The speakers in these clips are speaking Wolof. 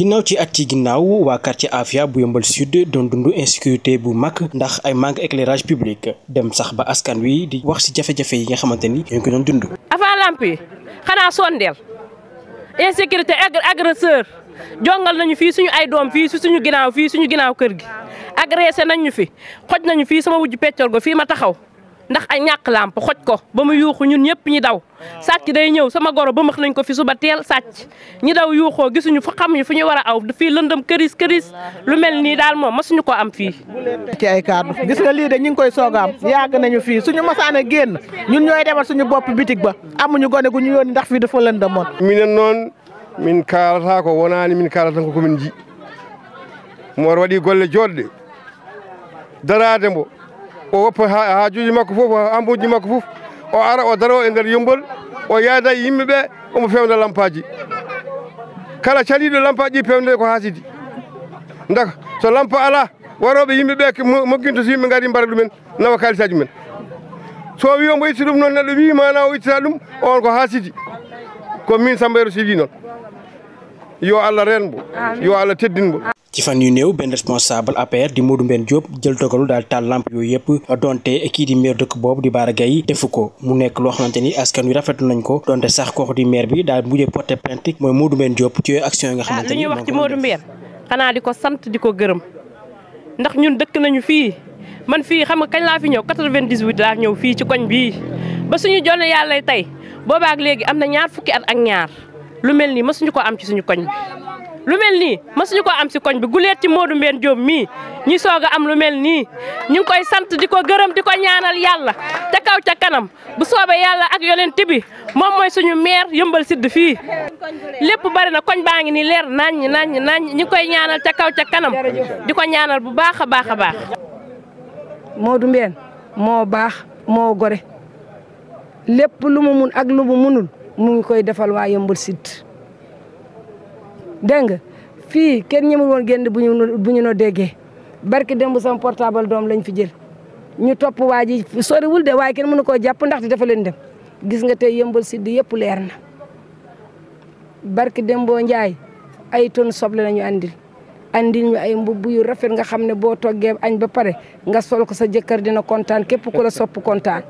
ginnaaw ci at ci ginnaaw waa quartier Afia bu Yeumbeul Sud doon dund insécurité bu mag ndax ay manque éclairage public dem sax ba askan wi di wax ci jafe-jafe yi nga xamante ni ñoo ngi doon dund. avant lamp yi xanaa sondeel insécurité agresseur jongal nañu fii suñu ay doom fii suñu ginnaaw fii suñu ginnaaw kër gi agressé nañu fi xoj nañu fii sama wujj peccor go fii ma taxaw. ndax ay ñàkk làmp xoj ko ba mu yuuxu ñun ñëpp ñi daw sàcc day ñëw sama goro ba max nañ ko fi suba teel sàcc ñi daw yuuxoo gisuñu fu xam ñu fu ñu war aw fii lëndëm këriis këris lu mel nii daal moom masuñu ko am fii ci ay kàddu gis nga lii de ñu ngi koy soog a am yàgg nañu fii suñu masaana génn ñun ñooy demal suñu bopp bitik ba amuñu gone gu ñu yónni ndax fii dafa lëndëmoon minen noon min kaalata ko wonaani min kaalatan ko komin ji moor waɗi golle jooɗɗe daraade mbo o woppa haajuji makko fof ambuji makko fof o ara o daro e nder yumbol o yaada yimɓe ɓe omo fewda lampaji kala caliɗo lampaji ɗi pewde ko haasidi daka so lampa ala waroɓe yimɓe ɓe mokkinto so yimɓe gaari mbara ɗumen nawa kalisaji men so wi omo itti ɗum noon neɗɗo wi mana o ittita ɗum on ko haasidi ko min sambayro siwi noon yo allah renmbo yo allah teddinmbo ci fan yu néew benn responsable APR di Modou Mbène Diop jël dogalu daal taal lamp yooyu yëpp donte kii di dëkk boobu di Bara defu ko mu nekk loo xamante ni askan wi rafetlu nañ ko donte sax kooku di maire bi daal mujjee porté plainte mooy Modou Mbène Diop ci yooyu action nga xamante ah, ni ñuy wax ci Modou xanaa di ko sant di ko gërëm ndax ñun dëkk nañu fii man fii xam nga kañ laa fi ñëw 98 laa ñëw fii ci koñ bii ba suñu jonn yàlla tey boobaak am na ñaar fukki at ak ñaar lu mel nii lu mel nii mësuñu ko am si koñ bi guleet ci Modou Mbène Diop mii ñi soog a am lu mel nii ñu ngi koy sant di ko gërëm di ko ñaanal yàlla ca kaw ca kanam bu soobee yàlla ak yonent bi moom mooy suñu maire yëmbal sidd fii lépp bari na koñ baa ngi ni leer naññ naññ naññ ñi ngi koy ñaanal ca kaw ca kanam di ko ñaanal bu baax a baax a baax Modou Mbène moo baax moo gore lépp lumu mu mun ak lu mu munul mu ngi koy defal waa yëmbal sidd dégg fii kenn ñemul woon génn bu ñu bu ñu no déggee barki démb sama portable doom lañ fi jël ñu topp waa ji soriwul de waaye kenn na koo jàpp ndaxte dafa leen dem gis nga tey yëmbal sidd yëpp leer na barki demboo njaay ay ton soble nañu ñu andil andil ñu ay mbubb yu rafet nga xam ne boo toggee añ ba pare nga sol ko sa jëkkër dina kontaan képp ku la sopp kontaan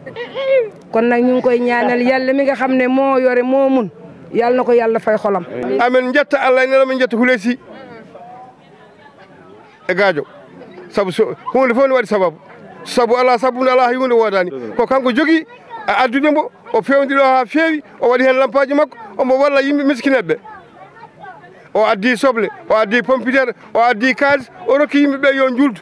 kon nag ñu ngi koy ñaanal yàlla mi nga xam ne moo yore moo mun yàlla na ko yàlla fay xolam amen jetta allah nelama jetta huleysi e gaajo sabu hunde fof ne waɗi sababu sabu ala sabu ne ala hunde wodani ko kanko jogui a addude mbo o fewdiro ha feewi o waɗi hen lampaji makko omo walla yimɓe miskineɓe o addi soble o addi pompitere o addi kalis o rokki yimɓeɓe yo juldu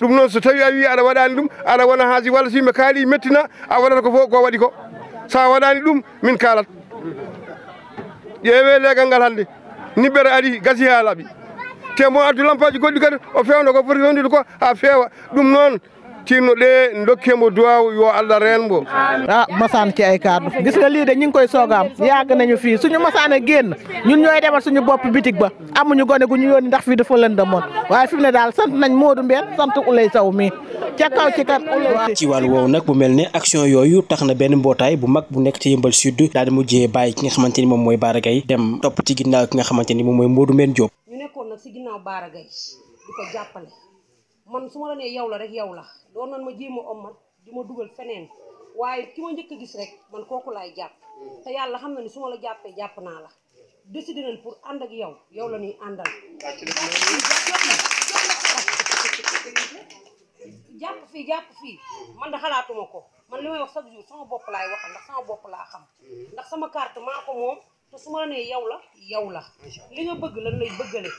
ɗum noon so tawi a wi aɗa waɗani ɗum aɗa wona haasi walla so yimɓe kaali mettina a waɗata ko fof ko waɗi ko sa waɗani ɗum min kalat ƴeewe leegal ngal hannde nibbere ari gasi ha laaɓi te mo addu lampaji goɗɗi kadi o fewno ko foti fewdude ko ha feewa ɗum noon tinno ɗe dokkemo duwaw yo allah renmo a ah, masane ci ay kaddu gis nga lii de ñu ngi koy soogaam yàgg nañu fii suñu masane génn ñun ñooy demal suñu bopp bitig ba amuñu gone gu ñu yónni ndax fii dafa lëndëmoon waaye fi mu ne daal sant nañ Modou Mbène sant Ulay Sow mi ca kaw ci kat. ci wàllu woowu nag bu mel ne action yooyu tax na benn mbootaay bu mag bu nekk ci yëmbal sud daal di mujjee bàyyi ki nga xamante ni moom mooy Bara Gaye dem topp ci ginnaaw ki nga xamante ni moom mooy Modou Mbène Diop. ñu nekkoon nag si ginnaaw Bara Gaye di ko jàppale man su ma la nee yow la rek yow la doon nan ma jéem a ommat di ma dugal feneen waaye ki ma njëkk gis rek man kooku laay jàpp te yàlla xam na ni su ma la jàppee jàpp naa la décidé nañ pour ànd ak yow yow la ñuy àndal. di jàpp fii man da xalaatuma ko man li may wax chaque jour sama bopp laay waxal ndax sama bopp laa xam ndax sama carte maa ko moom te su ma la nee yow la yow la li nga bëgg lan lay bëggale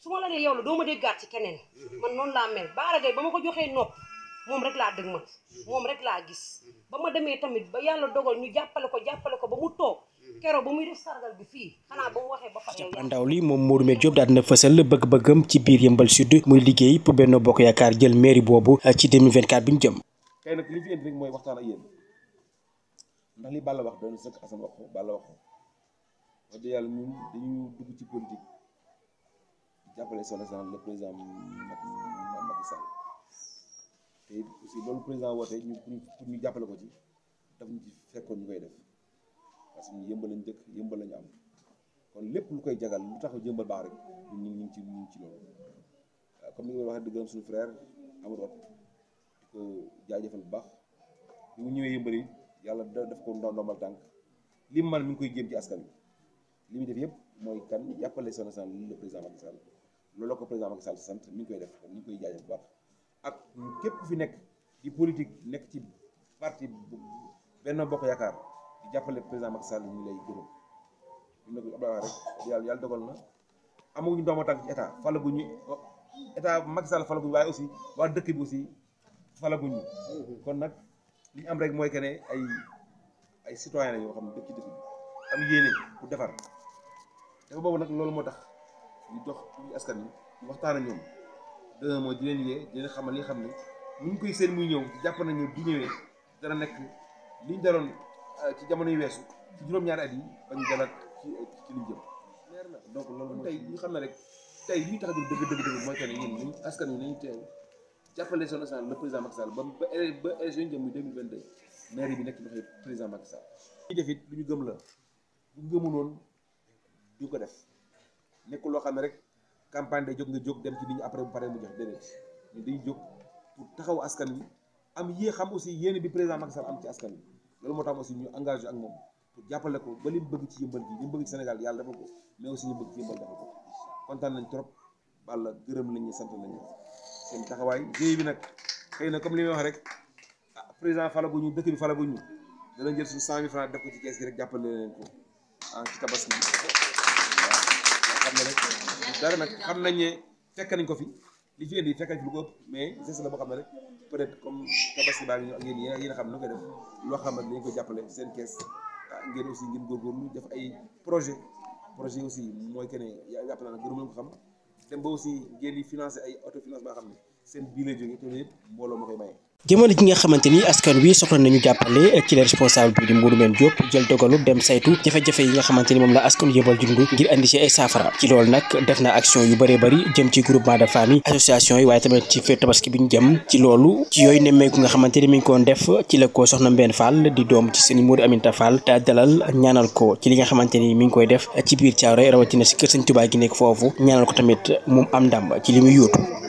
su ma la nee yow la doo ma déggaat ci keneen man noonu laa mel baara gay ba ma ko joxee nopp moom rek laa dëgg man moom rek laa gis ba ma demee tamit ba yàlla dogal ñu jàppale ko jàppale ko ba mu toog keroog ba muy def sargal bi fii xanaa ba mu waxee ba pare cappaandaw li moom Modou Mbène Diop daal na fësal bëgg-bëggam ci biir Yeumbeul Sud muy liggéey pour Benno Bokk Yaakaar jël mairie boobu euh, ci 2024 bi ñu jëm kay nag li fi indi rek mooy waxtaan ak yéen ndax li Balla wax Balla wax yàlla mu dañu dugg ci politique jàppale son excellence le président Macky Sall te aussi loolu président woote ñu pour ñu jàppale ko ci daf ñu ci fekkoon ñu koy def parce que ñu yëmbal lañ dëkk yëmbal lañu am kon lépp lu koy jagal lu tax yëmbal baax rek ñun ñu ngi ci ñu ci loolu comme ni nga waxee di gërëm suñu frère Amadou Hott di ko baax bi mu ñëwee yëmbal yi yàlla daf ko ndombal tànk li mu man mi ngi koy jéem ci li muy def yëpp mooy kan jàppale son san le président Macky Sall loolu la ko président Macky Sall sant mi ngi koy def kon ñu ngi koy jaajëfal bu baax ak képp ku fi nekk di politique nekk ci parti benn Bokk Yaakaar di jàppale président Macky Sall ñu lay gërëm ñu ne ko Abdoulaye rek yàlla yàlla dogal na amaguñu doomu tànk ci état falaguñu état Macky Sall falaguñu waaye aussi waa dëkk bi aussi falaguñu kon nag li ñu am rek mooy que ay ay citoyen la yoo xam ne dëkk ci dëkk bi am yéene pour defar dafa boobu nag loolu moo tax ñu dox ñu askan wi waxtaan ak ñoom dëgg mooy di leen yee di leen xamal li xam ne mu ngi koy seen muy ñëw jàpp nañu du ñëwee dana nekk liñ daloon. Euh, ci jamono yu weesu ci juróom-ñaari at yi bañ demaat ci ci liñ jëm. donc loolu tey ñu xam ne rek tey li tax a dëgg dëgg mooy que ne askan wi nañu teew jàppale son national le président Macky Sall ba ba ba élection jëm muy 2022 maire bi nekk ci loxoy président Macky Sall. li def it lu ñu gëm la bu gëmul woon du ko def nekkul loo xam ne rek campagne day jóg nga jóg dem ci nit ñi bu paree mu jox déedéet ñun dañuy jóg pour taxaw askan wi am yéen xam aussi yéen bi président Macky Sall am ci askan wi. loolu moo tax aussi ñu engagé ak moom pour jàppale ko ba li mu bëgg ci yëmbal gi li mu bëgg ci Sénégal yàlla dafa ko mais ñu bëgg ci yëmbal dafa ko kontaan nañ trop Balla gërëm nañ ñu nañu nañ seen taxawaay GIE bi nag xëy na comme li may wax rek ah président falaguñu dëkk bi falaguñu danañ jël suñu cent mille francs def ko ci kees gi rek jàppale leen ko ah ci tabaski bi waaw xam ne dara nag xam nañ ne fekk nañ ko fi. li fi indi fekkal fi lu ko mais geste la boo xam ne rek peut être comme tabaski baa ngi ak yéen yéen a xam ne koy def loo xam ne dañ koy jàppale seen kees ah, ngeen aussi ngeen góorgóorlu def ay projet projet aussi mooy que ne yàpp naa ne gërëm ko xam dem ba aussi ngeen di financer ay autofinance baa xam ne seen biir la jógee te loolu ji nga xamante ni askan wi soxla nañu jàppale ci la responsable bi di Modou Mbène Diop jël dogalu dem saytu jafe-jafe yi nga xamante ni moom la askan yëbal dund ngir andi ci ay saafara ci loolu nag def na action yu bëree bëri jëm ci groupement de famille association yi waaye tamit ci fête tabaski bi ñu jëm ci loolu ci yooyu nemmeeku nga xamante ni mi ngi koon def ci la ko soxna Mbène Fall di doom ci sëñ Modou Aminta Fall daa dalal ñaanal ko ci li nga xamante ni mi ngi koy def ci biir Thiaroye rawatina si kër nekk foofu ñaanal ko tamit moom am ndam ci li muy